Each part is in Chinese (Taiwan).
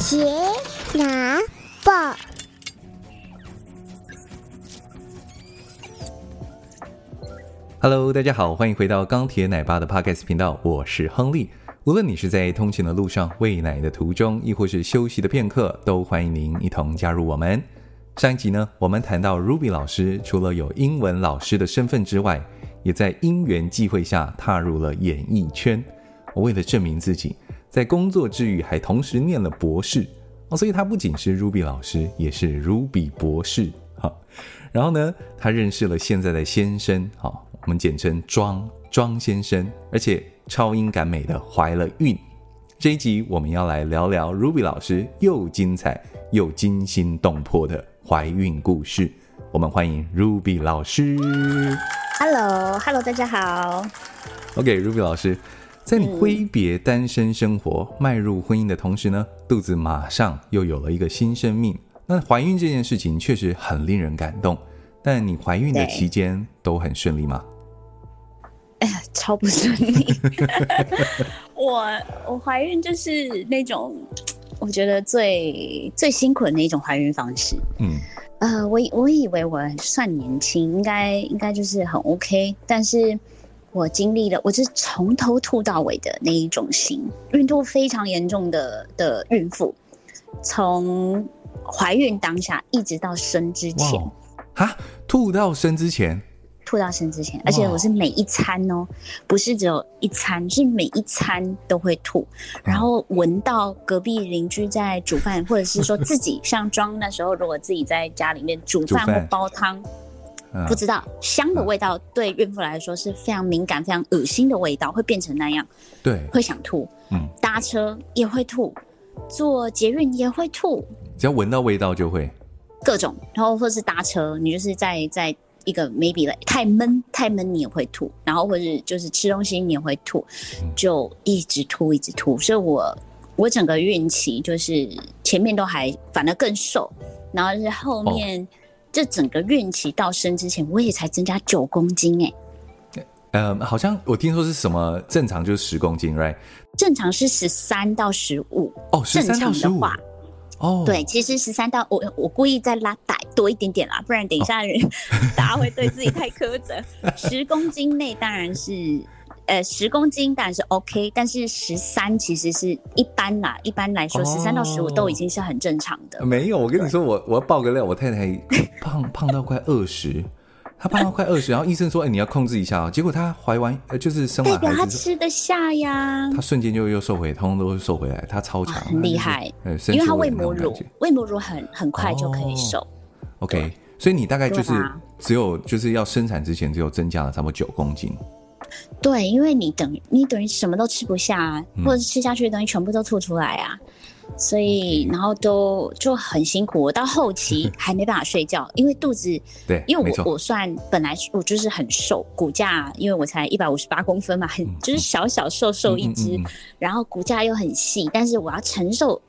杰拿爆。Hello, 大家好，歡迎回到鋼鐵奶爸的 Podcast 頻道，我是亨利。無論你是在通勤的路上、餵奶的途中，亦或是休息的片刻，都歡迎您一同加入我們。上一集呢，我們談到 Ruby 老師除了有英文老師的身份之外，也在因緣際會下踏入了演藝圈。我為了證明自己，在工作之餘，還同時念了博士。所以他不僅是 Ruby 老師，也是 Ruby 博士。然後呢，他認識了現在的先生。我們簡稱莊莊先生，而且超英趕美的懷了孕。這一集我們要來聊聊 Ruby 老師又精彩又驚心動魄的懷孕故事。我們歡迎 Ruby 老師。Hello，Hello，大家好。OK，Ruby 老師。在你揮別單身生活、嗯、邁入婚姻的同時呢，肚子馬上又有了一個新生命。那懷孕這件事情確實很令人感動，但你懷孕的期間都很順利嗎？哎呀，超不順利。 我我懷孕就是那種我覺得最最辛苦的那種懷孕方式。嗯，呃，我以我以為我算年輕，應該應該就是很 OK，但是。我經歷了，我是從頭吐到尾的那一種型，孕吐非常嚴重的的孕婦，從懷孕當下一直到生之前，Wow. 吐到生之前，吐到生之前，而且我是每一餐哦、喔，Wow. 不是只有一餐，是每一餐都會吐，嗯、然後聞到隔壁鄰居在煮飯，或者是說自己上妝 那時候，如果自己在家裡面煮飯或煲湯。煮不知道香的味道對孕婦來說是非常敏感、嗯、非常噁心的味道，會變成那樣，對，會想吐。嗯，搭車也會吐，坐捷運也會吐，只要聞到味道就會。各種，然後或者是搭車，你就是在在一個 maybe 太悶太悶，你也會吐。然後或者就是吃東西你也會吐，就一直吐一直吐。嗯、所以我，我我整個孕期就是前面都還反而更瘦，然後是後面、哦。這整個孕期到生之前，我也才增加九公斤哎。呃，好像我聽說是什麼正常就是十公斤，right？正常是十三到十五哦，正常的話，哦，對，其實十三到五我我故意再拉大多一點點啦，不然等一下大家會對自己太苛責。十公斤內當然是。呃，十公斤，但是 OK，但是十三其實是一般啦。一般來說，十三到十五都已經是很正常的。哦、沒有，我跟你說，對我我要爆個料，我太太胖 胖到快二十，她胖到快二十，然後醫生說：“哎、欸，你要控制一下哦。”結果她懷完，呃，就是生完孩子她吃得下呀，她瞬間就又瘦回，通通都瘦回來，她超強，很厲害。就是呃、因為她餵母乳，餵母乳很很快就可以瘦。哦啊、OK，所以你大概就是吧只有就是要生產之前只有增加了差不多九公斤。對，因為你等你等於什麼都吃不下、啊，或者是吃下去的東西全部都吐出來啊，嗯、所以 Okay. 然後都就很辛苦，我到後期還沒辦法睡覺， 因為肚子。對，因為我錯我算本來我就是很瘦，骨架，因為我才一百五十八公分嘛，很、嗯、就是小小瘦瘦一只，嗯嗯嗯嗯、然後骨架又很細，但是我要承受。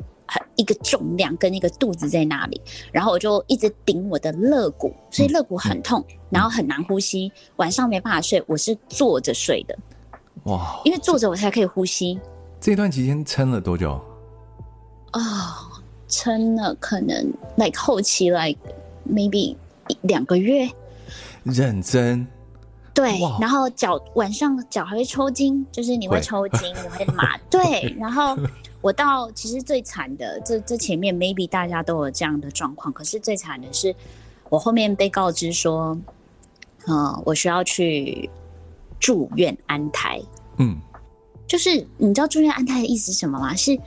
一個重量跟一個肚子在那裡，然後我就一直頂我的肋骨，所以肋骨很痛，嗯、然後很難呼吸，嗯、晚上沒辦法睡，我是坐着睡的。哇，因為坐着我才可以呼吸。這段期間撐了多久？哦，撐了可能 like 後期 like maybe 兩個月。認真。對，哇然後腳晚上腳還會抽筋，就是你會抽筋，你對會麻。 對，然後。 我到其實最慘的，這這前面 maybe 大家都有這樣的狀況，可是最慘的是，我後面被告知說，嗯、呃，我需要去住院安胎。嗯，就是你知道住院安胎的意思是什麼嗎？是，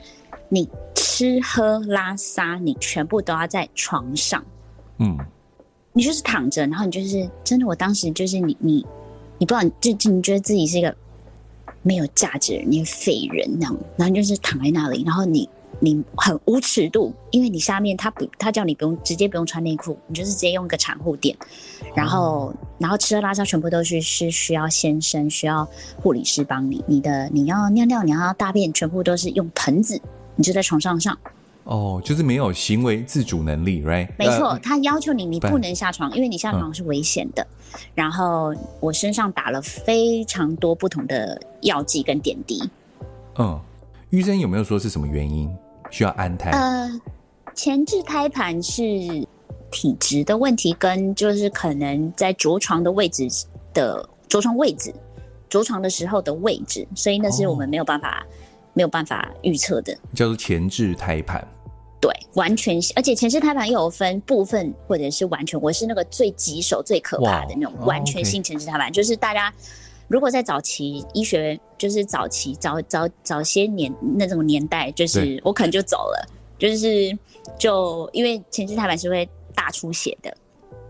你吃喝拉撒你全部都要在床上。嗯，你就是躺着，然後你就是真的，我當時就是你你你不知道，就你覺得自己是一個。沒有價值你人，廢人那樣，然後就是躺在那裡，然後你你很無尺度，因為你下面他不，他叫你不用，直接不用穿內褲，你就是直接用一個產婦墊，然後然後吃喝拉撒全部都是是需要先生需要護理師幫你，你的你要尿尿，你要大便全部都是用盆子，你就在床上上。哦，oh, 就是沒有行為自主能力，right？沒錯，他要求你，你不能下床，But, 因為你下床是危險的。嗯、然後我身上打了非常多不同的藥劑跟點滴。嗯，醫生有沒有說是什麼原因需要安胎？呃，前置胎盤是體質的問題，跟就是可能在着床的位置的着床位置着床的時候的位置，所以那是我們沒有辦法、oh. 沒有辦法預測的，叫做前置胎盤。對，完全性，而且前置胎盤又有分部分或者是完全，我是那個最棘手，最可怕的那種完全性前置胎盤，哇就是大家如果在早期醫學，哦 okay，就是早期早，早早早些年那種年代，就是對我可能就走了，就是就因為前置胎盤是會大出血的。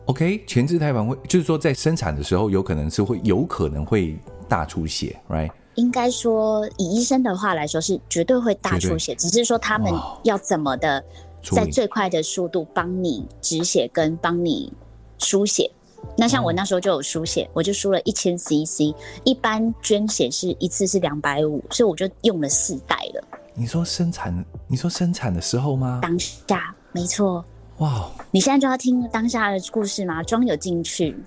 OK，前置胎盤會，就是說在生產的時候有可能是會有可能會大出血，Right？應該說，以醫生的話來說是絕對會大出血，對只是說他們要怎麼的哇，在最快的速度幫你止血跟幫你輸血。那像我那時候就有輸血，哇我就輸了一千 cc。一般捐血是一次是兩百五，所以我就用了四袋了。你說生產？你說生產的時候嗎？當下，沒錯。哇！你現在就要聽當下的故事嗎？裝有進去，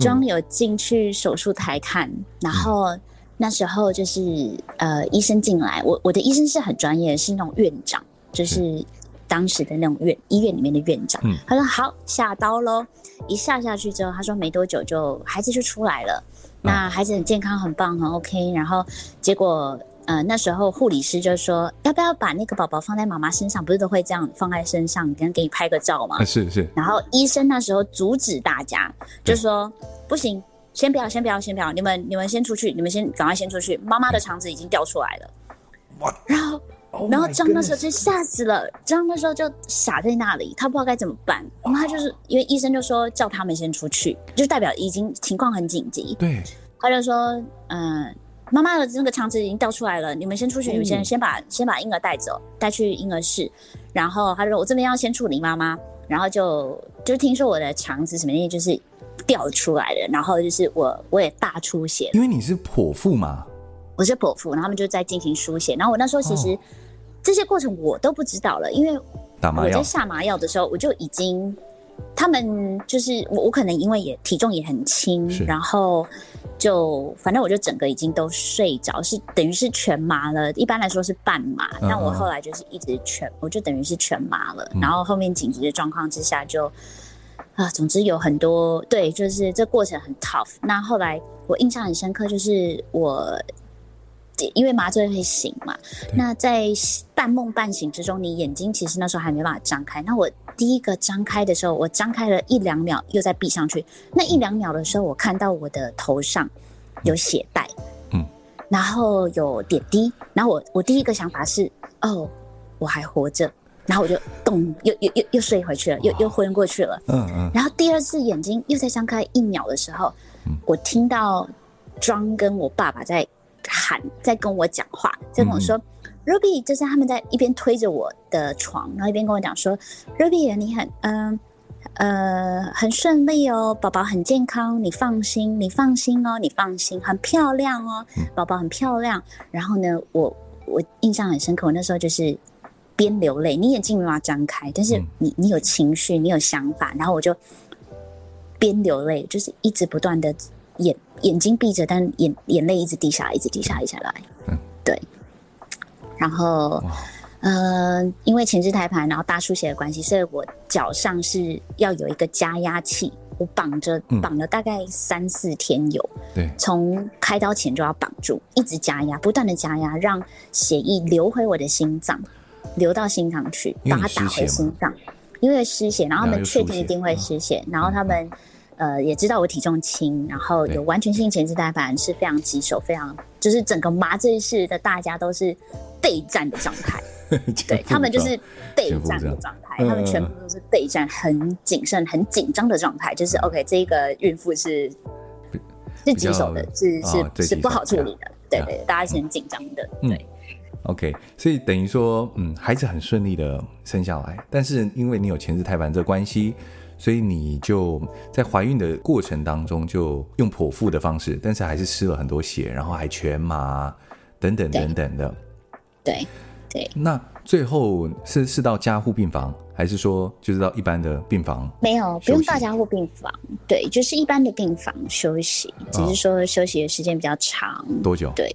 裝有進去手術台看，嗯、然後。嗯那時候就是呃，醫生進來，我我的醫生是很專業，是那種院長，就是當時的那種院醫院裡面的院長。嗯、他說好下刀嘍，一下下去之後，他說沒多久就孩子就出來了，啊、那孩子很健康，很棒，很 OK。然後結果呃，那時候護理師就說要不要把那個寶寶放在媽媽身上？不是都會這樣放在身上，給給你拍個照嘛，啊？是是。然後醫生那時候阻止大家，就說、嗯、不行。先不要，先不要，先不要！你們，你們先出去，你們先趕快先出去！媽媽的腸子已經掉出來了，What? 然後，oh、my 然後張那時候就嚇死了，張那時候就傻在那裡，他不知道該怎麼辦。然後他就是 Wow. 因為醫生就說叫他們先出去，就代表已經情況很緊急。對，他就說：“嗯、呃，媽媽的那個腸子已經掉出來了，你們先出去，Hey. 你們先先把先把嬰兒帶走，帶去嬰兒室。”然後他就說：“我這邊要先處理媽媽。”然後就就聽說我的腸子什麼的，就是。掉出來了，然後就是我，我也大出血。因為你是剖腹嘛？我是剖腹，然後他們就在進行輸血。然後我那時候其實這些過程我都不知道了，因為我在下麻藥的時候我就已經，他們就是我，我可能因為也體重也很輕，是然後就反正我就整個已經都睡着，是等於是全麻了。一般來說是半麻，嗯嗯但我後來就是一直全，我就等於是全麻了。然後後面緊急的狀況之下就。啊，總之有很多，對，就是這過程很 tough。那後來我印象很深刻，就是我因為麻醉會醒嘛，對那在半夢半醒之中，你眼睛其實那時候還沒辦法張開。那我第一個張開的時候，我張開了一兩秒又再閉上去。那一兩秒的時候，我看到我的頭上有血帶，嗯，然後有點滴。然後我我第一個想法是，哦，我還活着。然後我就咚，又又又又睡回去了，又又昏過去了。嗯嗯。然後第二次眼睛又在張開一秒的時候，我聽到莊跟我爸爸在喊，在跟我講話，在跟我說：“Ruby，就是他們在一邊推着我的床，然後一邊跟我講說，Ruby，你很嗯呃，呃很順利哦，寶寶很健康，你放心，你放心哦，你放心，很漂亮哦，寶寶很漂亮。”然後呢，我我印象很深刻，我那時候就是。邊流淚，你眼睛沒辦法張開，但是你你有情緒，你有想法，嗯、然後我就邊流淚，就是一直不斷的眼眼睛閉着，但眼眼淚一直滴下來，一直滴下來，滴下來。對，嗯、對。然後，哇 呃，因為前置胎盤，然後大出血的關係，所以我腳上是要有一個加壓器，我綁着綁了大概三四天有。對，從開刀前就要綁住，一直加壓，不斷的加壓，讓血液流回我的心臟。流到心臟去，把它打回心臟，因為失血，然後他們確定一定會失血，然後他們呃也知道我體重輕，然後有完全性前置胎盤是非常棘手，非常就是整個麻醉室的大家都是備戰的狀態，對，他們就是備戰的狀態，他們全部都是備戰，很謹慎、很緊張的狀態。就是 OK，這一個孕婦是是棘手的，是是是不好處理的，對對，大家是很緊張的，對。OK，所以等於說，嗯，孩子很順利的生下來，但是因為你有前置胎盤這關係，所以你就在懷孕的過程當中就用剖腹的方式，但是還是失了很多血，然後還全麻等等等等的。對對。對對，那最後是是到加護病房，還是說就是到一般的病房？沒有，不用到加護病房，對，就是一般的病房休息，只是說休息的時間比較長。哦，多久？對。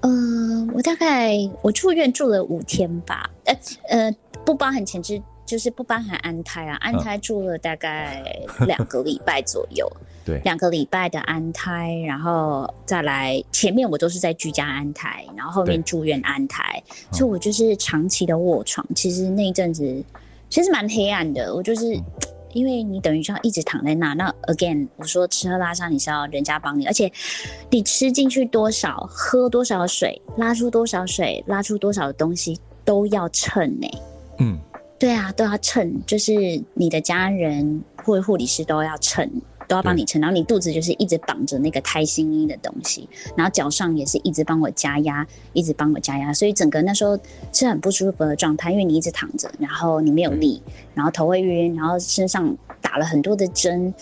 嗯、呃，我大概我住院住了五天吧，呃呃，不包含前置，就是不包含安胎啊，安胎住了大概兩個禮拜左右， 對，兩個禮拜的安胎，然後再來前面我都是在居家安胎，然後後面住院安胎，對所以我就是長期的臥床，其實那一陣子其實蠻黑暗的，我就是。嗯因為你等於說一直躺在那，那 again，我說吃喝拉撒你是要人家幫你，而且你吃進去多少、喝多少水、拉出多少水、拉出多少的東西都要稱，哎、欸，嗯，對啊，都要稱，就是你的家人或護理師都要稱。都要幫你撐，對然後你肚子就是一直綁着那個胎心音的東西，然後腳上也是一直幫我加壓，一直幫我加壓，所以整個那時候是很不舒服的狀態，因為你一直躺着，然後你沒有力，嗯、然後頭會暈，然後身上打了很多的針，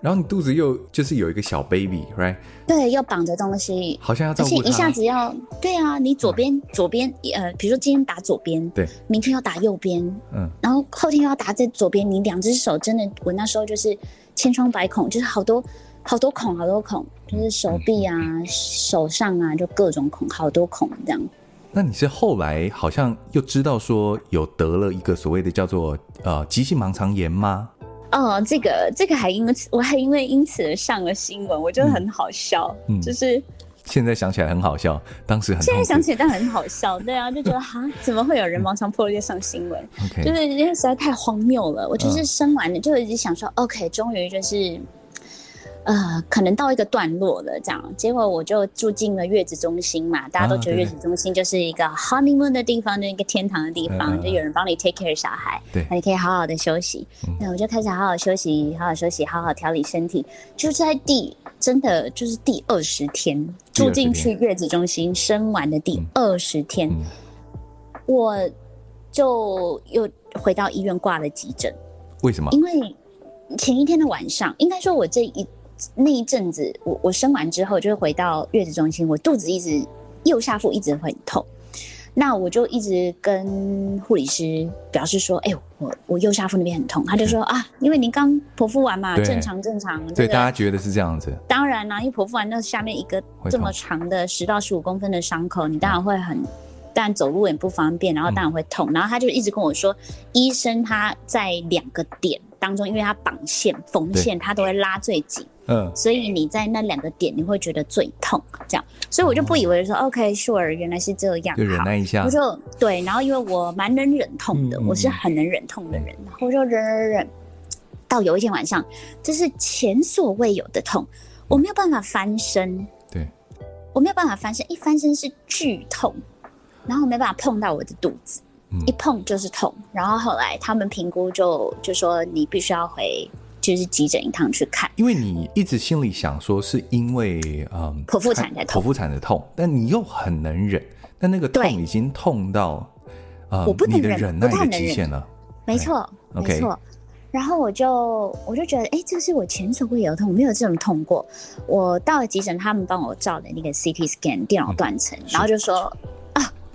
然後你肚子又就是有一個小 baby，right？對，又綁着東西，好像要照顧而且一下子要，對啊，你左邊、嗯、左邊呃，比如說今天打左邊，對，明天要打右邊，嗯，然後後天又要打在左邊，你兩隻手真的，我那時候就是。千瘡百孔，就是好多、好多孔、好多孔，就是手臂啊、手上啊，就各種孔，好多孔這樣。那你是後來好像又知道說有得了一個所謂的叫做呃急性盲腸炎嗎？哦，這個這個還因為我還因為因此上了新聞，我覺得很好笑，嗯嗯、就是。現在想起來很好笑，當時很，現在想起來但很好笑，對啊，就覺得哈，怎麼會有人盲腸破裂上新聞？ 就是因為實在太荒謬了。我就是生完了就一直想說，嗯，OK，終於就是。呃，可能到一個段落了，這樣。結果我就住進了月子中心嘛，大家都覺得月子中心就是一個 honeymoon 的地方，就、那、一個天堂的地方，啊、就有人幫你 take care 小孩，對，那你可以好好的休息。那、嗯、我就開始好好休息，好好休息，好好調理身體。就在第真的就是第二十天，天住進去月子中心生完的第二十天，嗯嗯、我就又回到醫院掛了急診。為什麼？因為前一天的晚上，應該說我這一。那一陣子，我我生完之後就是回到月子中心，我肚子一直右下腹一直很痛，那我就一直跟護理師表示說：“哎、欸、我我右下腹那邊很痛。”他就說：“是啊，因為您剛剖腹完嘛，對正常正常。對”所以、這個、大家覺得是這樣子。當然啦、啊，因為剖腹完那下面一個這麼長的十到十五公分的傷口，痛你當然會很，但、啊、然走路也不方便，然後當然會痛。嗯、然後他就一直跟我說，醫生他在兩個點當中，因為他綁線縫線，線他都會拉最緊。嗯、所以你在那兩個點你會覺得最痛，這樣，所以我就不以為說、哦、OK，sure、OK, 原來是這樣，就忍耐一下，我就對。然後因為我蠻能忍痛的，嗯嗯、我是很能忍痛的人，嗯、然後我就忍忍忍，到有一天晚上，這是前所未有的痛，嗯、我沒有辦法翻身，對，我沒有辦法翻身，一翻身是劇痛，然後我沒辦法碰到我的肚子，嗯、一碰就是痛。然後後來他們評估就就說你必須要回。就是急診一趟去看，因為你一直心裡想說是因為嗯，剖、呃、腹產的痛，剖腹產的痛，但你又很能忍，對但那個痛已經痛到啊，呃、我不能忍耐的極限了，沒錯，沒錯。然後我就我就覺得，哎、欸，這是我前所未有的痛，沒有這種痛過。我到了急診，他們幫我照了那個 CT scan 電腦斷層，嗯、然後就說。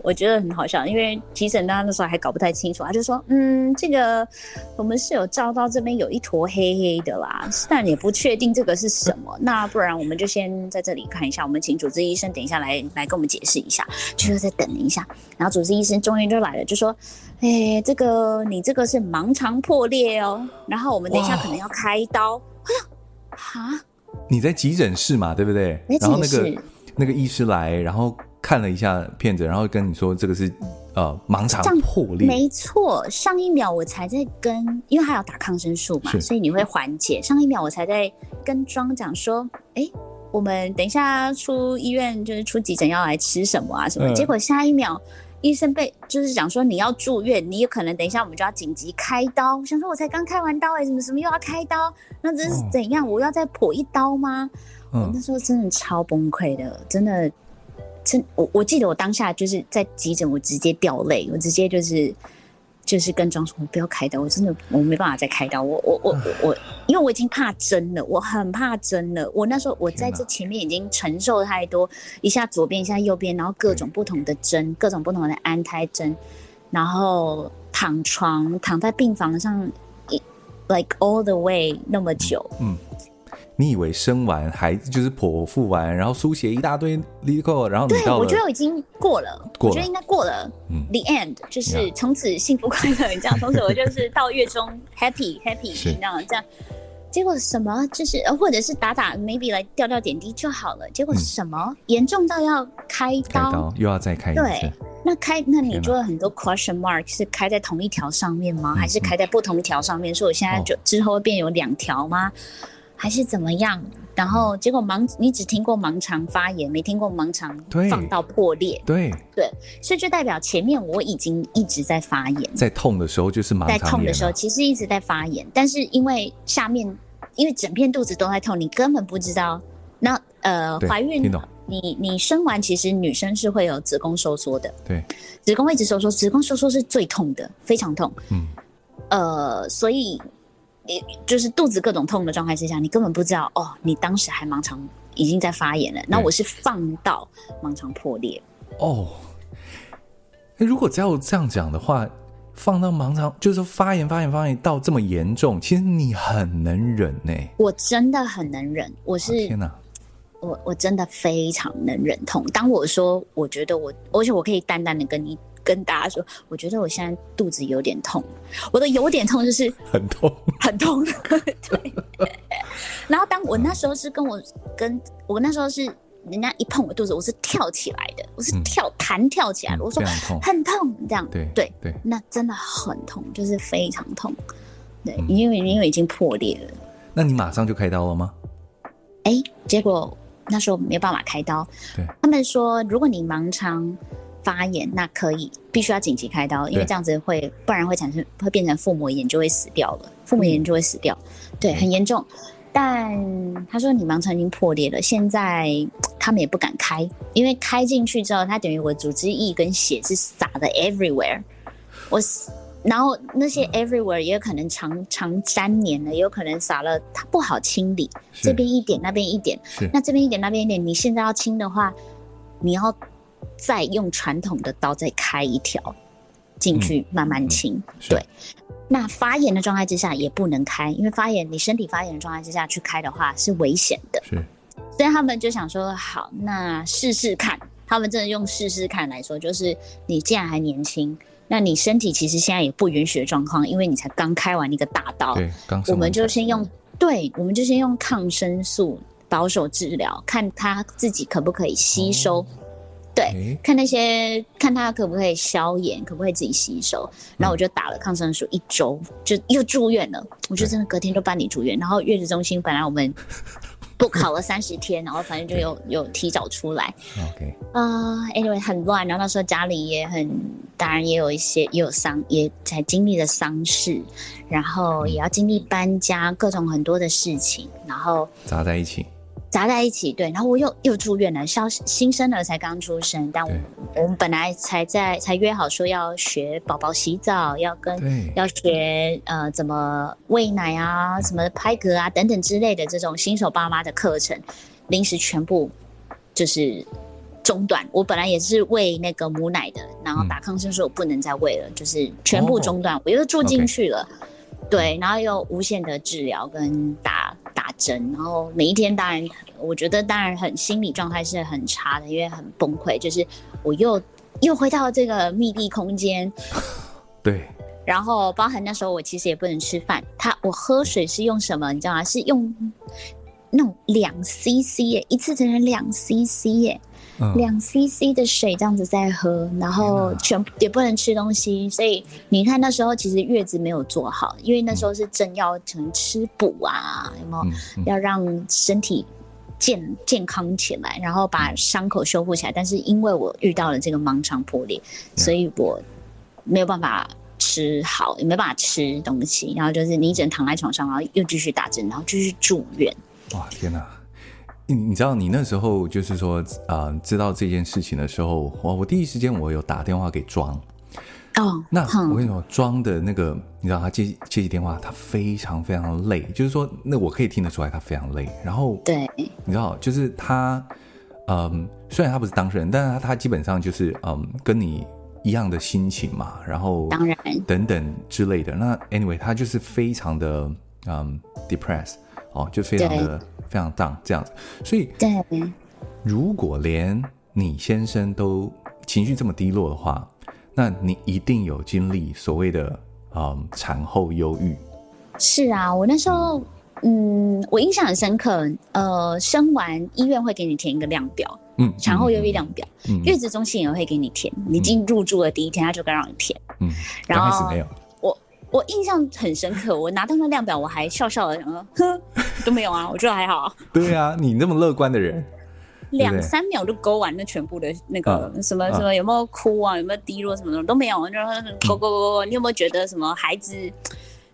我覺得很好笑，因為急診那時候還搞不太清楚，他就說：“嗯，這個我們是有照到這邊有一坨黑黑的啦，但也不確定這個是什麼。 那不然我們就先在這裡看一下，我們請主治醫生等一下來來跟我們解釋一下。”就說、是、再等一下，嗯、然後主治醫生終於就來了，就說：“哎、欸，這個你這個是盲腸破裂哦，然後我們等一下可能要開刀。哇”哎說、啊：“哈，你在急診室嘛，對不對？”然後那個那個醫師來，然後。看了一下片子，然後跟你說這個是呃盲腸破裂，沒錯。上一秒我才在跟，因為他要打抗生素嘛，是所以你會緩解。上一秒我才在跟莊講說，哎、欸，我們等一下出醫院就是出急診要來吃什麼啊什麼？嗯、結果下一秒醫生被就是講說你要住院，你有可能等一下我們就要緊急開刀。想說我才剛開完刀哎、欸，什麼什麼又要開刀？那這是怎樣？哦、我要再剖一刀嗎？嗯、我那時候真的超崩潰的，真的。我我記得我當下就是在急診，我直接掉淚，我直接就是就是跟莊說，我不要開刀，我真的我沒辦法再開刀，我我我我，因為我已經怕針了，我很怕針了，我那時候我在這前面已經承受太多，一下左邊一下右邊，然後各種不同的針，對，各種不同的安胎針，然後躺床躺在病房上，like all the way 那麼久，嗯。嗯你以為生完孩子就是剖腹完，然後輸血一大堆，立刻然後你到？對，我覺得已經過了，我覺得應該過了。嗯，The End，就是從此幸福快樂。你知道，從此我就是到月中 Happy Happy，你知道這樣結果什麼？就是呃，或者是打打 maybe 來吊吊點滴就好了。結果什麼？嚴重到要開刀，又要再開刀對？那開？那你做了很多 Question Mark 是開在同一條上面嗎？還是開在不同條上面？所以我現在就之後變有兩條嗎？還是怎麼樣？然後結果盲，你只聽過盲腸發炎，沒聽過盲腸放到破裂。對對、對，所以就代表前面我已經一直在發炎。在痛的時候就是盲腸。在痛的時候其實一直在發炎，但是因為下面，因為整片肚子都在痛，你根本不知道。那呃，懷對孕，懂你你生完其實女生是會有子宮收縮的。對，子宮會一直收縮，子宮收縮是最痛的，非常痛。嗯，呃，所以。就是肚子各種痛的狀態之下，你根本不知道哦。你當時還盲腸已經在發炎了，那對我是放到盲腸破裂。哦、oh, 欸，如果只要我這樣講的話，放到盲腸就是發炎、發炎、發炎到這麼嚴重，其實你很能忍呢、欸。我真的很能忍，我是、oh, 天吶，我我真的非常能忍痛。當我說我覺得我，而且我可以淡淡的跟你。跟大家說，我覺得我現在肚子有點痛，我的有點痛就是 很痛 ，很痛。對。然後當我那時候是跟我、嗯、跟我那時候是人家一碰我肚子，我是跳起來的，我是跳彈、嗯、跳起來的。嗯、我說很痛，很痛，這樣對對，那真的很痛，就是非常痛。對，嗯、因為因為已經破裂了。那你馬上就開刀了嗎？哎、欸，結果那時候沒有辦法開刀。對。他們說，如果你盲腸。發炎那可以，必須要緊急開刀，對因為這樣子會不然會產生，會變成腹膜炎就會死掉了，腹膜炎就會死掉，對，嗯、很嚴重。但他說你盲腸已經破裂了，現在他們也不敢開，因為開進去之後，它等於我組織液跟血是撒的 everywhere，我然後那些 everywhere 也有可能長長沾黏了，也有可能撒了它不好清理，是這邊一點那邊一點，那這邊一點是那邊一,一點，你現在要清的話，你要。再用傳統的刀再開一條，進去慢慢清。嗯、對，是那發炎的狀態之下也不能開，因為發炎，你身體發炎的狀態之下去開的話是危險的。是，所以他們就想說，好，那試試看。他們真的用試試看來說，就是你既然還年輕，那你身體其實現在也不允許的狀況，因為你才剛開完那個大刀。對，我們就先用，嗯、對我們就先用抗生素保守治療，看他自己可不可以吸收。嗯對，欸、看那些，看他可不可以消炎，可不可以自己吸收。然後我就打了抗生素一周，嗯、就又住院了。我就真的隔天就辦理住院。對然後月子中心本來我們不考了三十天， 然後反正就有有提早出來。OK 啊、uh，Anyway 很亂。然後那時候家裡也很，當然也有一些也有喪，也才經歷了喪事，然後也要經歷搬家各種很多的事情，嗯、然後砸在一起。砸在一起，對，然後我又又住院了。新新生兒才剛出生，但我們對本來才在才約好說要學寶寶洗澡，要跟對要學呃怎麼餵奶啊，什麼拍嗝啊等等之類的這種新手爸媽的課程，臨時全部就是中斷。我本來也是餵那個母奶的，然後打抗生素，我不能再餵了，嗯、就是全部中斷。哦、我又住進去了。Okay. 對，然後又無限的治療跟打打針，然後每一天當然，我覺得當然很心理狀態是很差的，因為很崩潰，就是我又又回到這個密閉空間，對，然後包含那時候我其實也不能吃飯，他我喝水是用什麼，你知道嗎？是用那種兩 CC 耶、欸，一次只能兩 CC 耶、欸。嗯，兩 cc 的水這樣子在喝，然後全也不能吃東西，天哪，所以你看那時候其實月子沒有做好，因為那時候是正要成吃補啊，有沒有？然後要讓身體健健康起來，然後把傷口修復起來。嗯、但是因為我遇到了這個盲腸破裂，天哪，所以我沒有辦法吃好，也沒辦法吃東西。然後就是你只能躺在床上，然後又繼續打針，然後繼續住院。哇，天吶！你你知道，你那時候就是說，呃，知道這件事情的時候，我我第一時間我有打電話給莊，哦，oh, 那我跟你說，莊、嗯、的那個，你知道他接接起電話，他非常非常累，就是說，那我可以聽得出來他非常累。然後，對，你知道，就是他，嗯、呃，雖然他不是當事人，但是他他基本上就是嗯、呃，跟你一樣的心情嘛，然後當然等等之類的。那 anyway，他就是非常的嗯 depressed。呃 depressed, 哦，就非常的對非常 down 這樣子，所以，對，如果連你先生都情緒這麼低落的話，那你一定有經歷所謂的嗯，產後憂鬱。是啊，我那時候，嗯，嗯，我印象很深刻，呃，生完醫院會給你填一個量表，嗯，產後憂鬱量表，嗯嗯、月子中心也會給你填，嗯、你進入住的第一天他就該讓你填，嗯，剛後開始沒有。我印象很深刻，我拿到那量表，我還笑笑的，想說，哼，都沒有啊，我覺得還好。 對啊，你那麼樂觀的人，兩 三秒就勾完那全部的那個什麼什麼，有沒有哭啊，啊有沒有低落什麼的都沒有，就是勾勾勾勾，你有沒有覺得什麼孩子、嗯、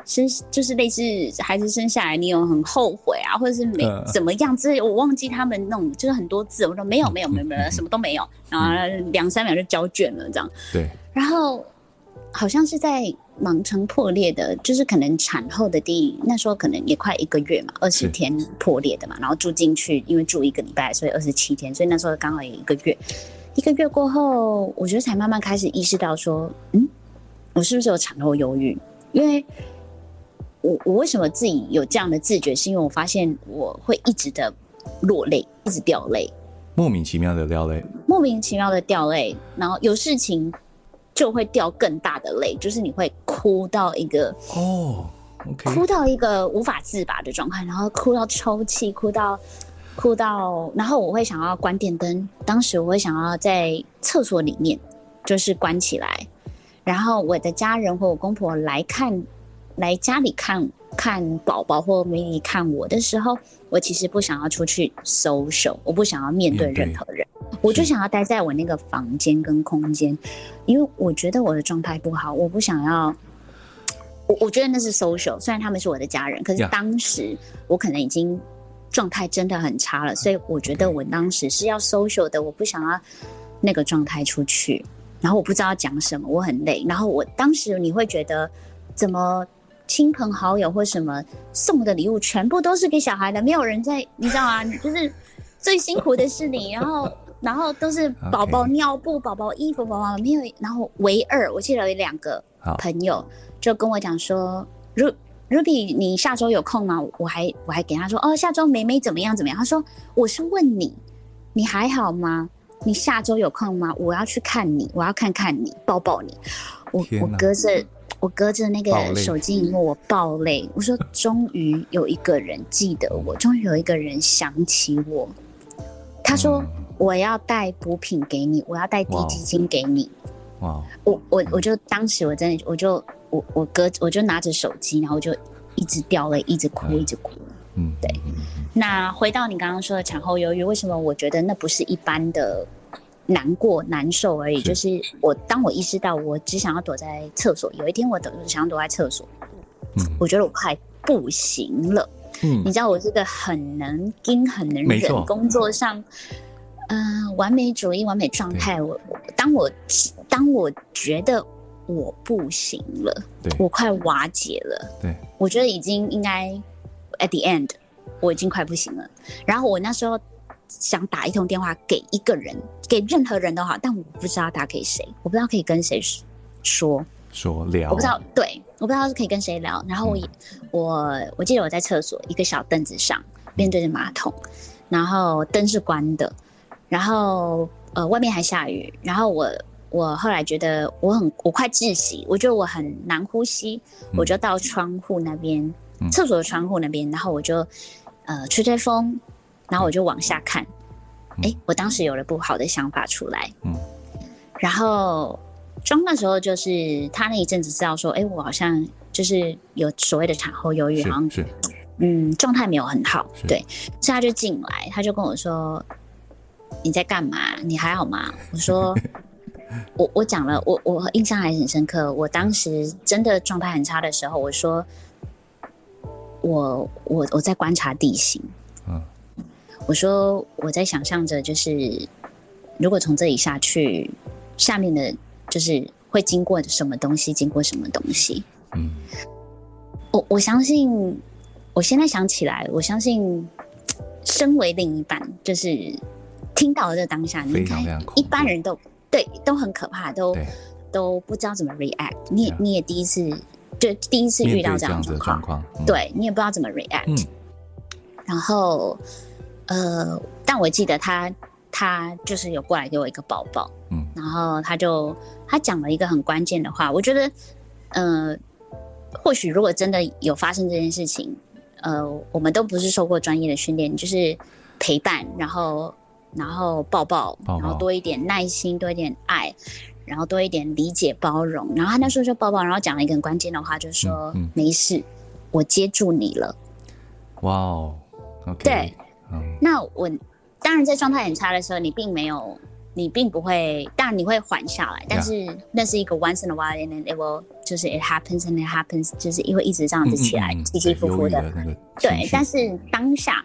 生就是類似孩子生下來，你有很後悔啊，或者是沒、呃、怎麼樣？這、就是、我忘記他們那種就是很多字，我說沒有沒有沒有沒有，什麼都沒有，然後兩三秒就交卷了，這樣。嗯、對，然後好像是在。盲腸破裂的，就是可能產後的第那時候可能也快一個月嘛，二十天破裂的嘛，是然後住進去，因為住一個禮拜，所以二十七天，所以那時候剛好有一個月。一個月過後，我覺得才慢慢開始意識到說，嗯，我是不是有產後憂鬱？因為我我為什麼自己有這樣的自覺，是因為我發現我會一直的落淚，一直掉淚，莫名其妙的掉淚，莫名其妙的掉淚，然後有事情。就會掉更大的淚，就是你會哭到一個哦，oh, okay. 哭到一個無法自拔的狀態，然後哭到抽泣，哭到哭到，然後我會想要關電燈，當時我會想要在廁所裡面，就是關起來，然後我的家人和我公婆來看，來家裡看。看寶寶或美女看我的時候，我其實不想要出去 social，我不想要面對任何人，我就想要待在我那個房間跟空間，因為我覺得我的狀態不好，我不想要。我我覺得那是 social，雖然他們是我的家人，可是當時我可能已經狀態真的很差了，所以我覺得我當時是要 social 的，我不想要那個狀態出去，然後我不知道要講什麼，我很累，然後我當時你會覺得怎麼？親朋好友或什麼送的禮物，全部都是給小孩的，沒有人在，你知道嗎？ 就是最辛苦的是你，然後然後都是寶寶尿布、寶寶 Okay. 衣服、寶寶沒有，然後唯二，我記得有兩個朋友就跟我講說好，Ruby，你下周有空嗎？我還我還給他說，哦、oh,，下周妹妹怎麼樣怎麼樣？他說，我是問你，你還好嗎？你下周有空嗎？我要去看你，我要看看你，抱抱你。我哪我隔着。我隔着那個手機螢幕，我爆淚。我說，終於有一個人記得我， 終於有一個人想起我。他說，我要帶補品給你，我要帶滴雞精給你。哇 Wow. Wow.！我我我就當時我真的我，我就我我隔，我就拿着手機，然後就一直掉淚，一直哭，一直哭。嗯， 對。 那回到你剛剛說的產後憂鬱，為什麼我覺得那不是一般的？難過、難受而已。是就是我，當我意識到我只想要躲在廁所，有一天我都想躲在廁所，嗯、我覺得我快不行了。嗯、你知道我這個很能頂、很能忍，工作上，嗯錯、呃，完美主義、完美狀態。對我當我當我覺得我不行了，對我快瓦解了，對我覺得已經應該，at the end，我已經快不行了。然後我那時候。想打一通電話給一個人，給任何人都好，但我不知道打給誰，我不知道可以跟誰說說聊，我不知道對，我不知道是可以跟誰聊。然後我、嗯、我我記得我在廁所一個小凳子上，面對着馬桶，然後燈是關的，然後呃外面還下雨。然後我我後來覺得我很我快窒息，我覺得我很難呼吸，我就到窗戶那邊，嗯、廁所的窗戶那邊，然後我就呃吹吹風。然後我就往下看，哎、嗯、欸，我當時有了不好的想法出來。嗯、然後裝的時候就是他那一陣子知道說，哎、欸，我好像就是有所謂的產後憂鬱，好像是，嗯，狀態沒有很好。是對，是所以他就進來，他就跟我說：“你在幹嘛？你還好嗎？”我說：“ 我我講了，我我印象還是很深刻。我當時真的狀態很差的時候，我說：我我我在觀察地形。”我說我在想象着就是如果從這裡下去，下面的就是會經過什麼東西，經過什麼東西。嗯，我我相信，我現在想起來，我相信，身為另一半，就是聽到了這當下，你看，一般人都對都很可怕，都都不知道怎麼 react。你也你也第一次，就第一次遇到這樣的狀況，對你也不知道怎麼 react。然後。呃，但我記得他，他就是有過來給我一個抱抱，嗯，然後他就他講了一個很關鍵的話，我覺得，呃或許如果真的有發生這件事情，呃，我們都不是受過專業的訓練，就是陪伴，然後然後抱抱，抱抱然後多一點耐心，多一點愛，然後多一點理解包容，然後他那時候就抱抱，然後講了一個很關鍵的話，就說，嗯嗯，沒事，我接住你了，哇哦，okay，對。 那我當然在狀態很差的時候，你並沒有，你並不會，當然你會緩下來，Yeah. 但是那是一個 once in a while，and it will，就是 it happens and it happens，就是會一直這樣子起來，嗯嗯嗯起起伏伏的。對，的對，但是當下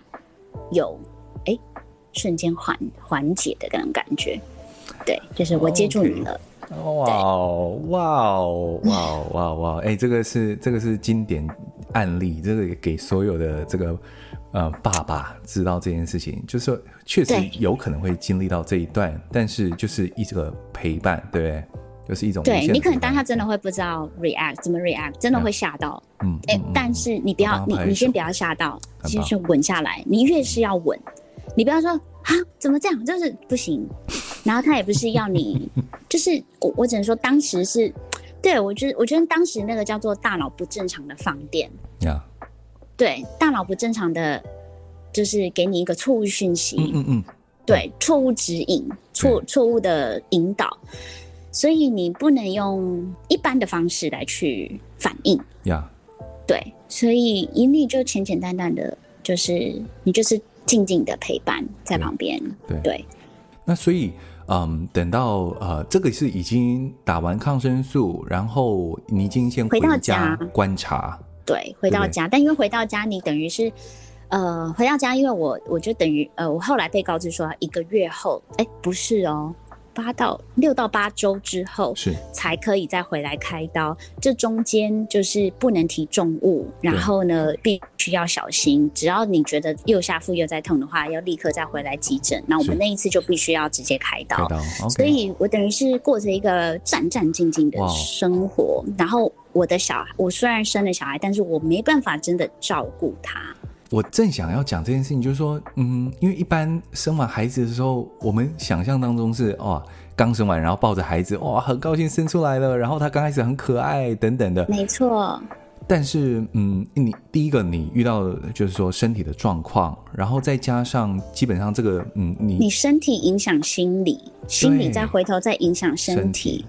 有哎、欸、瞬間緩緩解的那種感覺，對，就是我接住你了。哇哦 Okay. 對，哇哦，哇哦，哇哇哎，這個是這個是經典案例，這個給所有的這個。呃，爸爸知道這件事情，就是說確實有可能會經歷到這一段，對但是就是一直陪伴，對不對？就是一種陪伴，對你可能當下真的會不知道 react 怎麼 react，真的會嚇到，嗯，欸、嗯嗯，但是你不要，棒你手你先不要嚇到，先棒去穩下來。你越是要穩，你不要說啊，怎麼這樣，就是不行。然後他也不是要你， 就是我，我只能說當時是，對，我覺得我覺得當時那個叫做大腦不正常的放電呀。嗯對大腦不正常的，就是給你一個錯誤訊息。嗯，嗯嗯。對，嗯、錯誤指引，錯對錯誤的引導，所以你不能用一般的方式來去反應。呀。Yeah. 對，所以一律就簡簡單單的，就是你就是靜靜的陪伴在旁邊。對。對對，那所以，嗯，等到呃，這個是已經打完抗生素，然後你已經先回到家觀察。對，回到家，對對，但因為回到家，你等於是，呃，回到家，因為我我就等於，呃，我後來被告知說，一個月後，哎，不是哦。八到六到八週之後，是才可以再回來開刀。這中間就是不能提重物，然後呢，必須要小心。只要你覺得右下腹又在痛的話，要立刻再回來急診。那我們那一次就必須要直接開刀，所以，我等於是過着一個戰戰兢兢的生活。然後，我的小孩，我雖然生了小孩，但是我沒辦法真的照顧他。我正想要講這件事情，就是說，嗯，因為一般生完孩子的時候，我們想象當中是哦，剛生完，然後抱着孩子，哇，很高興生出來了，然後他剛開始很可愛，等等的，沒錯。但是，嗯，你第一個你遇到的就是說身體的狀況，然後再加上基本上這個，嗯，你你身體影響心理，心理再回頭再影響身體，身體，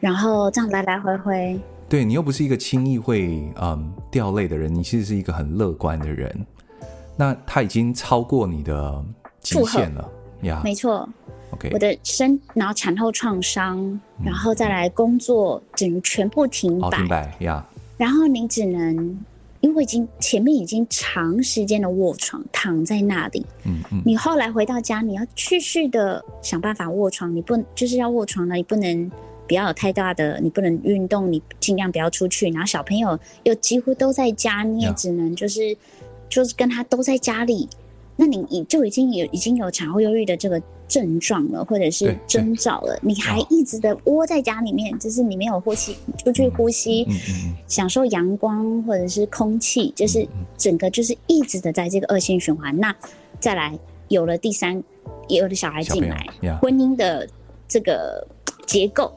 然後這樣來來回回。對，你又不是一個輕易會嗯掉淚的人，你其實是一個很樂觀的人。那他已經超過你的極限了呀。合 yeah, 沒錯 okay, 我的身然後產後創傷，嗯、然後再來工作，整全部停擺。哦、停擺呀。然後你只能，因為已經前面已經長時間的臥床躺在那裡，嗯嗯。嗯，你後來回到家，你要繼續的想辦法臥床，你不能就是要臥床了？你不能。不要有太大的，你不能運動，你盡量不要出去。然後小朋友又幾乎都在家，你也只能就是，Yeah. 就是跟他都在家裡。那你你就已經有已經有產後憂鬱的這個症狀了，或者是徵兆了，對對對，你還一直的窩在家裡面，Yeah. 就是你沒有呼吸出去呼吸，mm hmm. 享受陽光或者是空氣，就是整個就是一直的在這個惡性循環。Mm hmm. 那再來有了第三，也有了小孩進來，yeah. 婚姻的這個結構。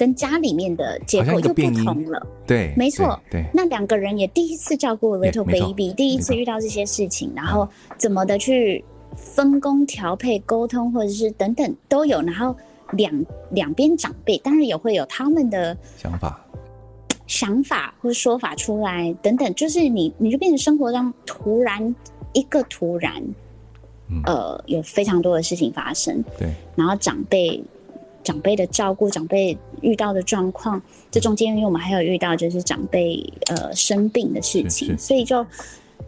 跟家裡面的結構就不同了，對，沒錯。對，那兩個人也第一次照顧 little baby，第一次遇到這些事情，然後怎麼的去分工調配、溝通，或者是等等都有。然後兩兩邊長輩當然也會有他們的想法、想法或者說法出來等等，就是你你就變成生活當中突然一個突然，呃，有非常多的事情發生。對，然後長輩。長輩的照顧，長輩遇到的狀況，這中間因為我們還有遇到就是長輩呃生病的事情，所以就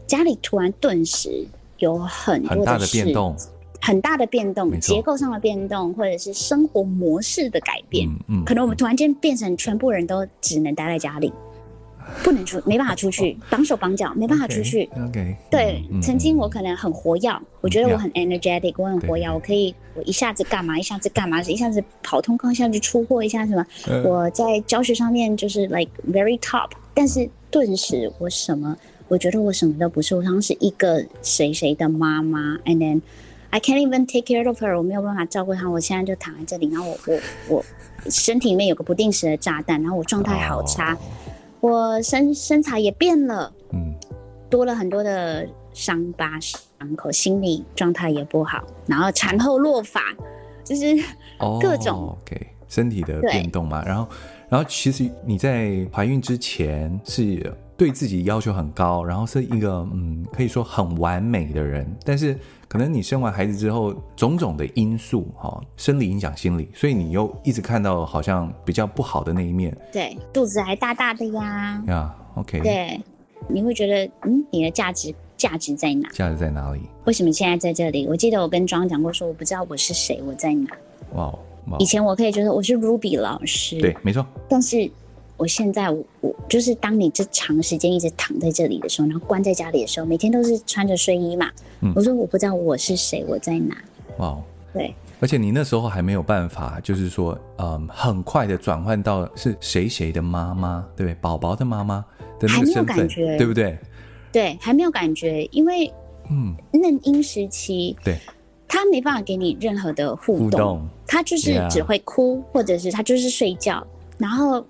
家裡突然頓時有很多的變動，很大的變動，變動結構上的變動，沒錯，或者是生活模式的改變，嗯嗯嗯，可能我們突然間變成全部人都只能待在家裡。不能出，沒辦法出去，綁手綁腳，沒辦法出去。OK, okay. Mm-hmm. 對，曾經我可能很活躍，我覺得我很 energetic，Yeah. 我很活躍，我可以我一下子幹嘛，一下子幹嘛，一下子跑通告，一下子出貨，一下子什麼。Uh, 我在教學上面就是 like very top，但是頓時我什麼，我覺得我什麼都不是。我當時是一個誰誰的媽媽，and then I can't even take care of her，我沒有辦法照顧她。我現在就躺在這裡，然後我我我身體裡面有個不定時的炸彈，然後我狀態好差。Oh. 我身身材也變了，嗯，多了很多的傷疤，傷口，心理狀態也不好，然後產後落髮，就是各種，哦、okay, 身體的變動嘛。對然後，然後其實你在懷孕之前是對自己要求很高，然後是一個嗯，可以說很完美的人，但是。可能你生完孩子之後，種種的因素哈、哦，生理影響心理，所以你又一直看到好像比較不好的那一面。對，肚子還大大的呀。呀、yeah，OK。對，你會覺得，嗯，你的價值價值在哪？價值在哪裡？為什麼現在在這裡？我記得我跟莊講過，說我不知道我是誰，我在哪。哇、wow, wow，以前我可以覺得我是 Ruby 老師。對，沒錯。但是。我現在我我就是當你這長時間一直躺在這裡的時候，然後關在家裡的時候，每天都是穿着睡衣嘛。嗯，我說我不知道我是誰，我在哪。哇，對，而且你那時候還沒有辦法，就是說，嗯，很快的轉換到是誰誰的媽媽，對，寶寶的媽媽還沒有感覺，對不對？對，還沒有感覺，因為嗯，嫩嬰時期，對，他沒辦法給你任何的互動，互動他就是只會哭，Yeah. 或者是他就是睡覺，然後。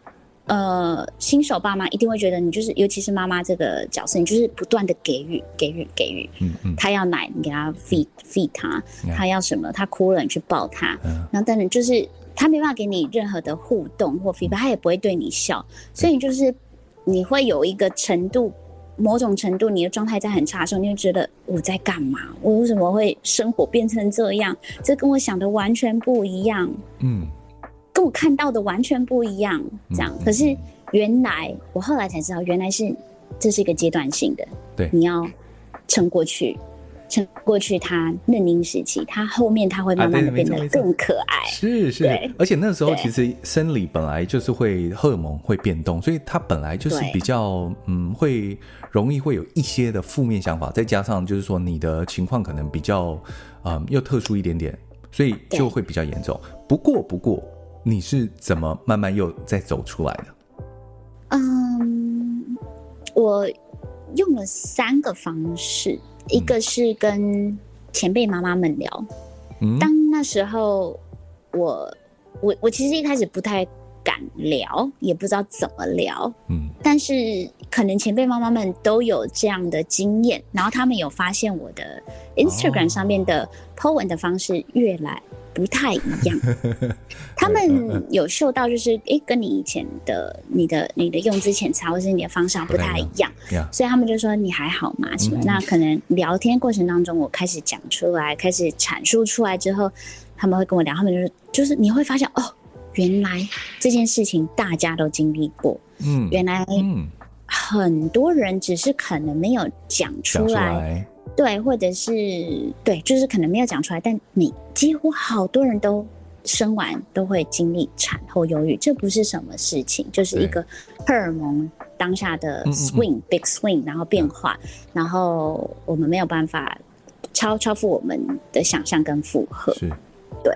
呃，新手爸媽一定會覺得你就是，尤其是媽媽這個角色，你就是不斷的給予，給予，給予。嗯嗯。他要奶，你給他 feed feed 他；他要什麼，他哭了，你去抱他。嗯。然後，當然就是他沒辦法給你任何的互動或 feedback，他也不會對你笑，所以就是你會有一個程度，某種程度，你的狀態在很差的時候，你就覺得我在幹嘛？我為什麼會生活變成這樣？這跟我想的完全不一樣。嗯。我看到的完全不一樣，這樣。嗯嗯嗯、可是原來我後來才知道，原來是這是一個階段性的。對，你要撐過去，撐過去他嫩嬰時期，他後面他會慢慢的變得更可愛。是、啊、是，是對而且那時候其實生理本來就是會荷爾蒙會變動，所以他本來就是比較對嗯，會容易會有一些的負面想法，再加上就是說你的情況可能比較嗯又特殊一點點，所以就會比較嚴重對不。不過不過。你是怎麼慢慢又再走出來的？嗯，我用了三個方式，一個是跟前輩媽媽們聊。嗯。當那時候我我我其實一開始不太敢聊，也不知道怎麼聊。嗯，但是可能前輩媽媽們都有這樣的經驗，然後他們有發現我的 Instagram 上面的 po 文的方式越來。不太一樣， 他們有嗅到，就是、欸、跟你以前的、你的、你的用詞遣詞，或者你的方向不太一樣，Okay. Yeah. 所以他們就說，你還好嗎？什麼？Mm hmm. 那可能聊天過程當中，我開始講出來，開始闡述出來之後，他們會跟我聊，他們就是就是你會發現哦，原來這件事情大家都經歷過，嗯、mm，hmm. 原來很多人只是可能沒有講出，出來。對，或者是對，就是可能沒有講出來，但你幾乎好多人都生完都會經歷產後憂鬱，這不是什麼事情，就是一個荷爾蒙當下的 swing 對 big swing，然後變化，嗯、然後我們沒有辦法超超乎我們的想象跟負荷。對，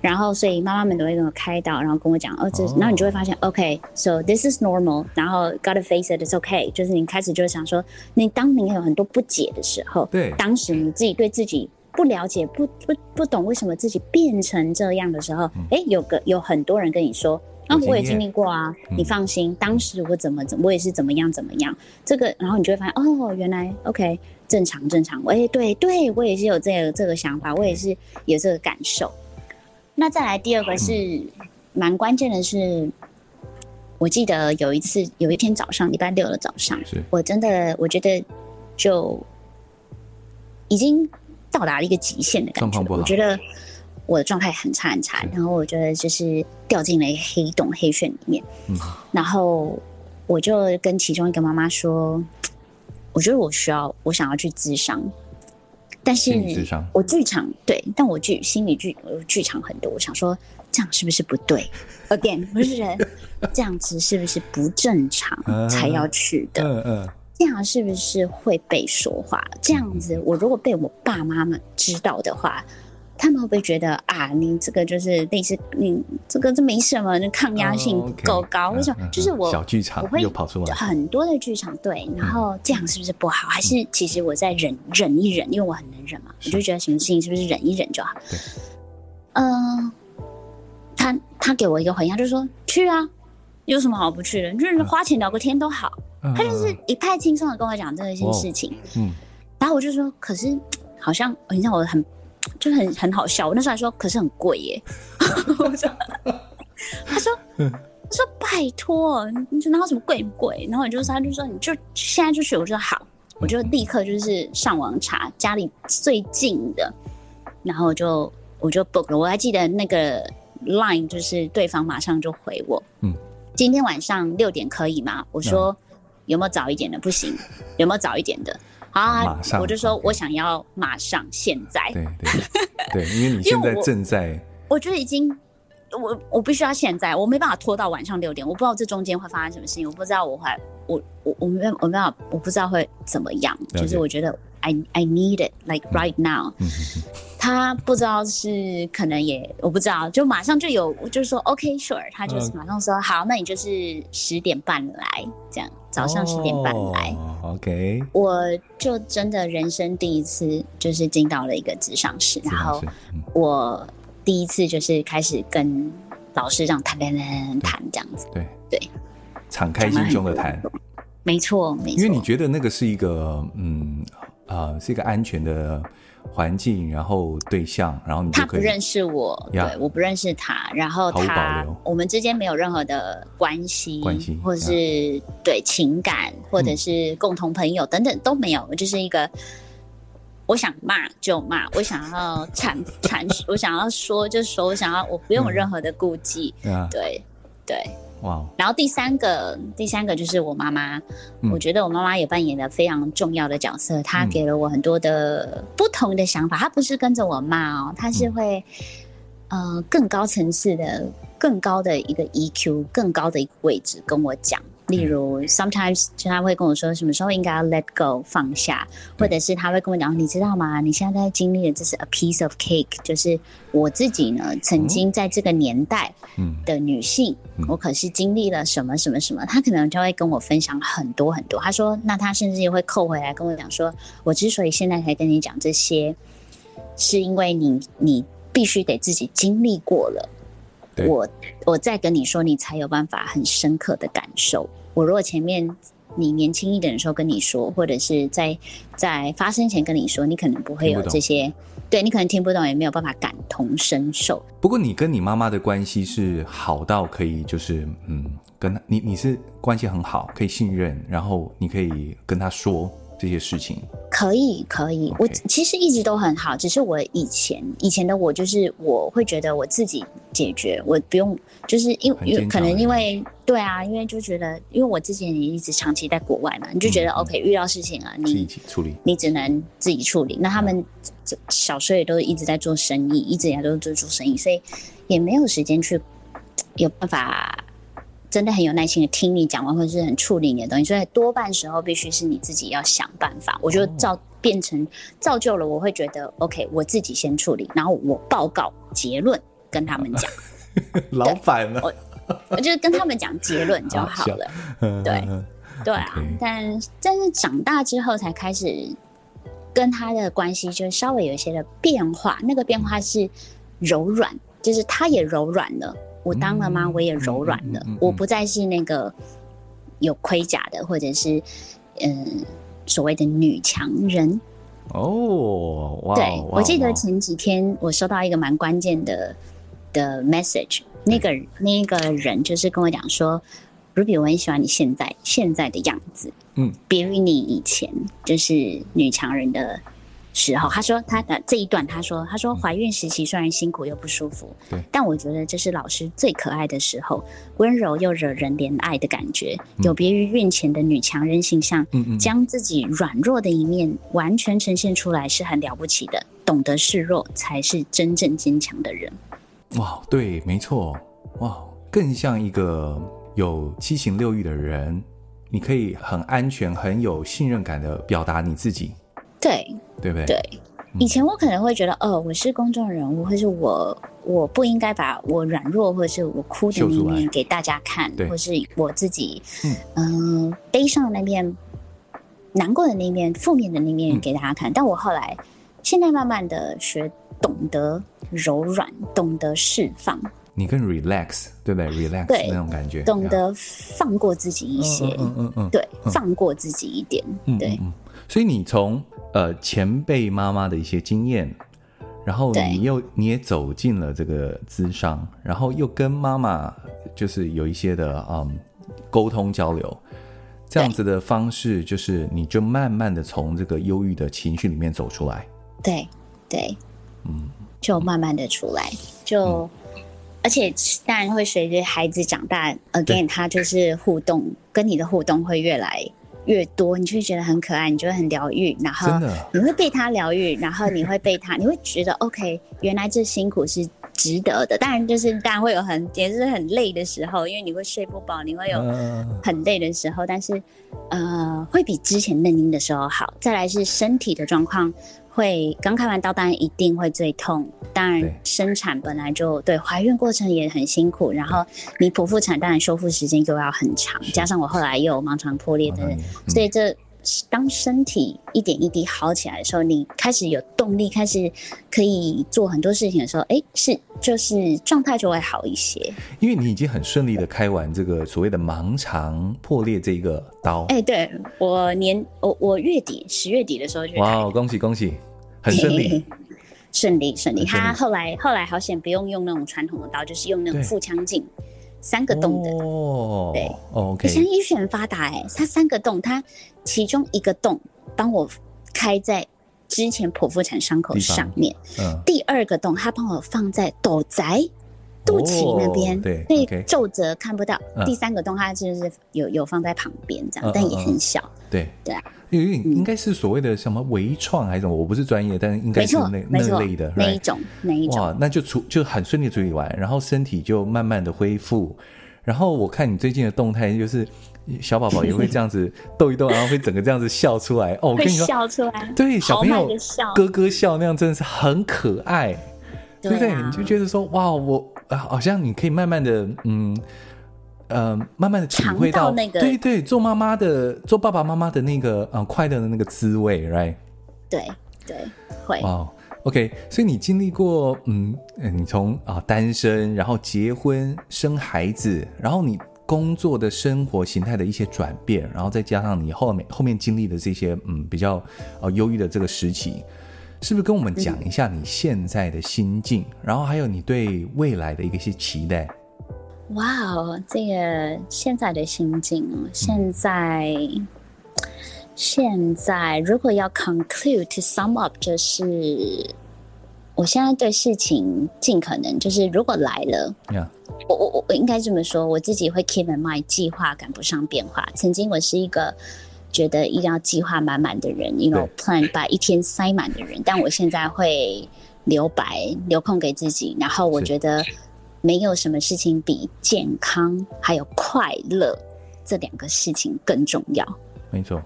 然後所以媽媽們都會跟我開導，然後跟我講哦，這是，oh. 然後你就會發現，OK，so、okay, this is normal，然後 gotta face it，it's OK，就是你開始就是想說，你當你有很多不解的時候，對，當時你自己對自己不了解，不不不懂為什麼自己變成這樣的時候，哎、mm.，有個有很多人跟你說，啊，我也經歷過啊，你放心，mm. 當時我怎麼怎麼，我也是怎麼樣怎麼樣，這個，然後你就會發現，哦，原來 OK。正常，正常。欸、對對，我也是有這個這個想法，我也是有這個感受。那再來第二個是、嗯、蠻關鍵的是，是我記得有一次，有一天早上禮拜六的早上，是我真的我覺得就已經到達了一個極限的感覺。我覺得我的狀態很差很差，是然後我覺得就是掉進了一個黑洞黑圈裡面。嗯、然後我就跟其中一個媽媽說。我覺得我需要，我想要去諮商，但是我劇場對，但我劇心理劇我劇場很多，我想說這樣是不是不對？Again，okay, 不是人 這樣子是不是不正常才要去的？Uh, uh, uh 這樣是不是會被說話？這樣子我如果被我爸媽們知道的話。他們會不會覺得啊，你這個就是類似，你這個這沒什麼，那抗壓性不夠高？為什麼？啊啊、就是我小劇場有跑出來很多的劇場對，然後這樣是不是不好？嗯、還是其實我在忍忍一忍，因為我很能忍嘛，我行就覺得什麼事情是不是忍一忍就好？嗯對、呃，他他給我一個回應，他就說去啊，有什麼好不去的？就是花錢聊個天都好，啊、他就是一派輕鬆的跟我講這一些事情。哦、嗯，然後我就說，可是好像你知道我很。就很很好笑，我那時候還說，可是很貴耶。我 說，他說，他說拜托，你說哪有什麼貴不貴？然後我就是他就說，你就現在就去。我說好，我就立刻就是上網查家裡最近的，然後就我就 book 了。我還記得那個 line，就是對方馬上就回我，嗯，今天晚上六點可以嗎？我說，嗯，有沒有早一點的？不行，有沒有早一點的？啊！我就說，我想要馬上現在。對對,對, 對因為你現在正在我，我覺得已經，我我必須要現在，我沒辦法拖到晚上六點，我不知道這中間會發生什麼事情，我不知道我還我我我沒有我沒有，我不知道會怎麼樣。Okay. 就是我覺得 I I need it like right now、嗯。 他不知道是可能也我不知道，就馬上就有，就是說 OK sure，他就是馬上說、嗯、好，那你就是十點半來這樣。早上十點半來、哦、OK。我就真的人生第一次，就是進到了一個直上室，上室然後我第一次就是開始跟老師這樣談、談、嗯、談、談，這樣子。對對，對敞開心胸的談。沒錯，沒錯。因為你覺得那個是一個嗯啊、呃，是一個安全的。環境，然後對象，然後你他不認識我，yeah, 對，我不認識他，然後他，他，我們之間沒有任何的關係，關係，或者是 Yeah. 對情感，或者是共同朋友、嗯、等等都沒有，就是一個，我想罵就罵，我想要闡闡， 我想要說，就說，就是說我想要，我不用任何的顧忌，嗯 yeah. 對，對。哇，Wow. 然後第三個，第三個就是我媽媽，嗯、我覺得我媽媽也扮演了非常重要的角色，她給了我很多的不同的想法。嗯、她不是跟着我罵哦，她是會、嗯呃、更高層次的、更高的一個 EQ、更高的一個位置跟我講。例如，sometimes 就他會跟我說，什麼時候應該要 let go 放下，或者是他會跟我講，對你知道嗎？你現在在經歷的這是 a piece of cake，就是我自己呢，曾經在這個年代的女性，哦嗯、我可是經歷了什麼什麼什麼。他可能就會跟我分享很多很多。他說，那他甚至也會扣回來跟我講說，我之所以現在才跟你講這些，是因為你你必須得自己經歷過了。對我我再跟你說，你才有辦法很深刻的感受。我如果前面你年輕一點的時候跟你說，或者是在在發生前跟你說，你可能不會有這些。對，你可能聽不懂，也沒有辦法感同身受。不過你跟你媽媽的關係是好到可以，就是嗯，跟她你你是關係很好，可以信任，然後你可以跟她說。這些事情可以可以，可以 Okay. 我其實一直都很好，只是我以前以前的我就是我會覺得我自己解決，我不用就是因為可能因為對啊，因為就覺得因為我之前也一直長期在國外嘛，嗯、你就覺得、嗯、OK 遇到事情啊，嗯、你自己處理，你只能自己處理。那他們小時候也都一直在做生意，一直以來都是做做生意，所以也沒有時間去有辦法。真的很有耐心的聽你講完，或者是很處理你的東西，所以多半時候必須是你自己要想辦法。我就造變成造就了，我會覺得 OK，我自己先處理，然後我報告結論跟他們講。老闆呢？我就是跟他們講結論就好了。對對啊，但是但是長大之後才開始跟他的關係就稍微有一些的變化，那個變化是柔軟，就是他也柔軟了。我當了媽，嗯、我也柔軟了，嗯嗯嗯嗯、我不再是那個有盔甲的，或者是嗯、呃、所謂的女強人。哦，對，哇我記得前幾天我收到一個蠻關鍵的的 message，、嗯、那個那個人就是跟我講說，Ruby，我很喜歡你現在現在的樣子，嗯，別於你以前就是女強人的。時候， 他說他的這一段，他說，他說懷孕時期雖然辛苦又不舒服，對但我覺得這是老師最可愛的時候，溫柔又惹人憐愛的感覺，嗯、有別於孕前的女強人形象，將、嗯嗯、自己軟弱的一面完全呈現出來是很了不起的，懂得示弱才是真正堅強的人。哇，對，沒錯，哇，更像一個有七情六慾的人，你可以很安全、很有信任感地表達你自己。對。對不對？對，以前我可能會覺得，哦，我是公眾人物，或是我，我不應該把我軟弱，或者是我哭的那面給大家看，或是我自己，嗯悲傷的那面，難過的那面，負面的那面給大家看。但我後來，現在慢慢的學懂得柔軟，懂得釋放，你更 relax，對不對？relax，對，那種感覺，懂得放過自己一些，嗯嗯嗯，對，放過自己一點，對。所以你從呃前輩媽媽的一些經驗，然後你又對你也走進了這個諮商，然後又跟媽媽就是有一些的嗯溝、um, 通交流，這樣子的方式，就是你就慢慢的從這個憂鬱的情緒裡面走出來。對對，對嗯，就慢慢的出來，就、嗯、而且當然會隨着孩子長大，again，對他就是互動跟你的互動會越來越多，你就會覺得很可愛，你就會很療癒，然後你會被他療癒，的然後你會被他， 你會覺得 OK，原來這辛苦是值得的。當然，就是當然會有很也是很累的時候，因為你會睡不飽，你會有很累的時候，嗯、但是呃，會比之前嫩嬰的時候好。再來是身體的狀況。會剛開完刀，當然一定會最痛。當然生產本來就對，對，懷孕過程也很辛苦。然後你剖腹產，當然修復時間就要很長。加上我後來又有盲腸破裂的，嗯、所以這。當身體一點一滴好起來的時候，你開始有動力，開始可以做很多事情的時候，哎、欸，是就是狀態就會好一些。因為你已經很順利的開完這個所謂的盲腸破裂這一個刀。哎、欸，對我年我我月底十月底的時候就。哇，wow, 恭喜恭喜，很順利，順利，欸，順利順利。順利他後來後來好險不用用那種傳統的刀，就是用那種腹腔鏡。三個洞的，哦、對，哦，你、okay 欸、像醫學很發達哎、欸，它三個洞，它其中一個洞幫我開在之前剖腹產傷口上面，嗯、第二個洞它幫我放在斗宅。肚臍那邊，對，皺褶看不到，第三個動畫就是有有放在旁邊這樣，但也很小。對對啊，因為應該是所謂的什麼微創還是什麼？我不是專業，但是應該是那那類的那一種那一種。哇，那就出就很順利處理完，然後身體就慢慢的恢復。然後我看你最近的動態，就是小寶寶也會這樣子逗一逗，然後會整個這樣子笑出來哦。我跟你說笑出來，對小朋友咯咯笑那樣真的是很可愛，對不對？你就覺得說哇我。啊，好像你可以慢慢的，嗯，呃，慢慢的體會到，到那個，對對，做媽媽的，做爸爸媽媽的那個，呃、啊，快樂的那個滋味，right？對對，會哦、wow，OK。所以你經歷過，嗯，你從啊單身，然後結婚生孩子，然後你工作的生活形態的一些轉變，然後再加上你後面後面經歷的這些，嗯，比較啊、呃、憂鬱的這個時期。是不是跟我們講一下你現在的心境，嗯、然後還有你對未來的一些期待？哇哦，這個現在的心境哦，現在、嗯、現在如果要 conclude to sum up，就是我現在對事情盡可能就是如果來了，Yeah. 我我我應該這麼說，我自己會 keep in mind 計劃趕不上變化。曾經我是一個。覺得一定要計劃滿滿的人，因為要 plan 把一天塞滿的人，對但我現在會留白留空給自己。然後我覺得沒有什麼事情比健康還有快樂這兩個事情更重要。沒錯，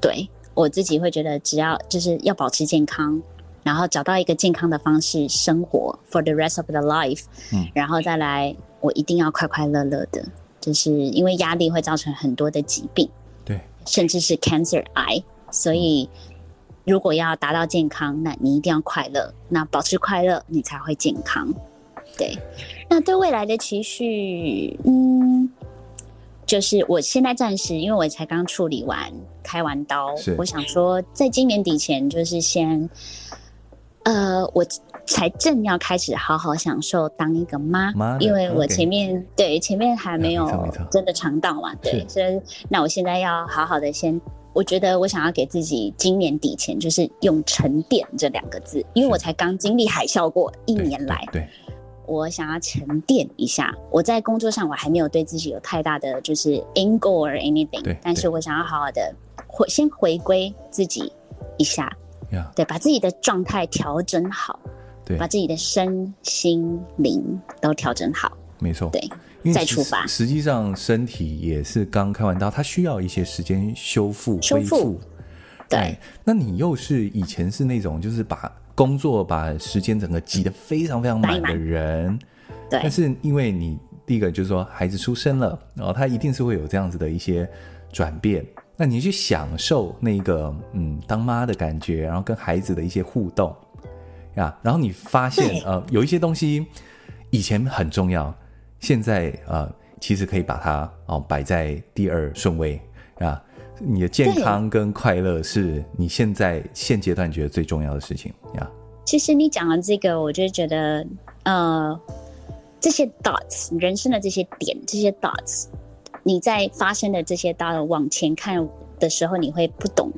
對我自己會覺得，只要就是要保持健康，然後找到一個健康的方式生活，for the rest of the life，嗯。然後再來，我一定要快快樂樂的，就是因為壓力會造成很多的疾病。甚至是 cancer Eye，所以如果要達到健康，那你一定要快樂。那保持快樂，你才會健康。對，那對未來的期許，嗯，就是我現在暫時，因為我才剛處理完，開完刀，是我想說在今年底前，就是先，呃，我。才正要開始好好享受當一個媽，因為我前面對前面還沒有真的嘗到嘛，對，所以那我現在要好好的先，我覺得我想要給自己今年底前就是用沉澱這兩個字，因為我才剛經歷海嘯過，一年來，對我想要沉澱一下，我在工作上我還沒有對自己有太大的就是 angle or anything，但是我想要好好的回先回歸自己一下，對，把自己的狀態調整好。對把自己的身心靈都調整好，沒錯錯，對，再出發。實際上，身體也是剛開完刀，它需要一些時間修復、恢復服。覆對，對那你又是以前是那種就是把工作把時間整個擠得非常非常滿的人，對。但是因為你第一個就是說孩子出生了，然後他一定是會有這樣子的一些轉變。那你去享受那個嗯當媽的感覺，然後跟孩子的一些互動。啊，yeah, 然後你發現對呃，有一些東西以前很重要，現在呃，其實可以把它哦、呃、擺在第二順位啊。Yeah, 你的健康跟快樂是你現在對現階段覺得最重要的事情啊，yeah、其實你講的這個，我就覺得呃，這些 dots 人生的這些點，這些 dots 你在發生的這些 dots 往前看的時候，你會不懂。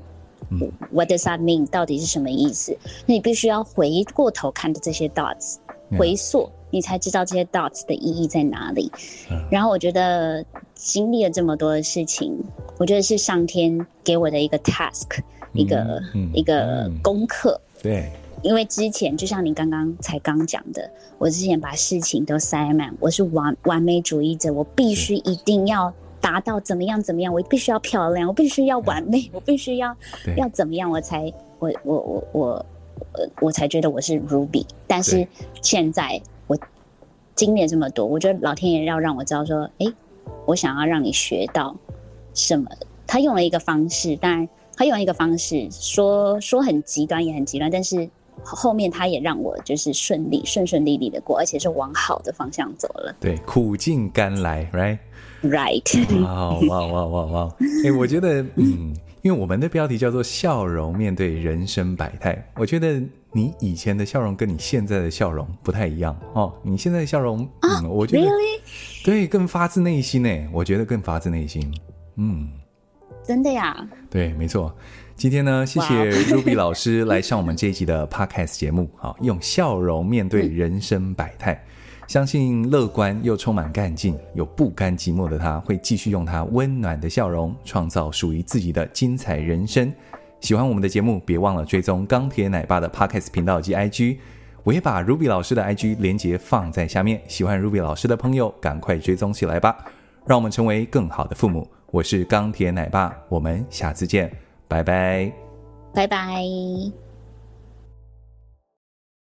Mm. What does that mean？到底是什麼意思？那你必須要回過頭看的這些 dots，Yeah. 回溯你才知道這些 dots 的意義在哪裡。Uh. 然後我覺得經歷了這麼多的事情，我覺得是上天給我的一個 task，一個、mm hmm. 一個功課。對、mm，hmm. 因為之前就像你剛剛才剛講的，我之前把事情都塞滿，我是完完美主義者，我必須一定要。達到怎麼樣怎麼樣？我必須要漂亮，我必須要完美，我必須要對 要怎麼樣？我才我我我我，我才覺得我是 Ruby。但是現在我經歷了這麼多，我覺得老天爺要讓我知道說，哎、欸，我想要讓你學到什麼？他用了一個方式，當然他用了一個方式說說很極端也很極端，但是後面他也讓我就是順利順順利利的過，而且是往好的方向走了。對，苦盡甘來，right？Right，好，哇哇哇哇！哎，我覺得，嗯，因為我們的標題叫做“笑容面對人生百態”，我覺得你以前的笑容跟你現在的笑容不太一樣哦。你現在的笑容，啊、嗯 oh,，Really？我覺得對，更發自內心呢。我覺得更發自內心，嗯，真的呀。對，沒錯。今天呢，謝謝 Ruby 老師來上我們這一集的 Podcast 節目，好， 用笑容面對人生百態。相信樂觀又充滿幹勁、有不甘寂寞的他，會繼續用他溫暖的笑容，創造屬於自己的精彩人生。喜歡我們的節目，別忘了追蹤鋼鐵奶爸的 Podcast 頻道及 IG。我也把 Ruby 老師的 IG 連接放在下面，喜歡 Ruby 老師的朋友，趕快追蹤起來吧！讓我們成為更好的父母。我是鋼鐵奶爸，我們下次見，拜拜，拜拜。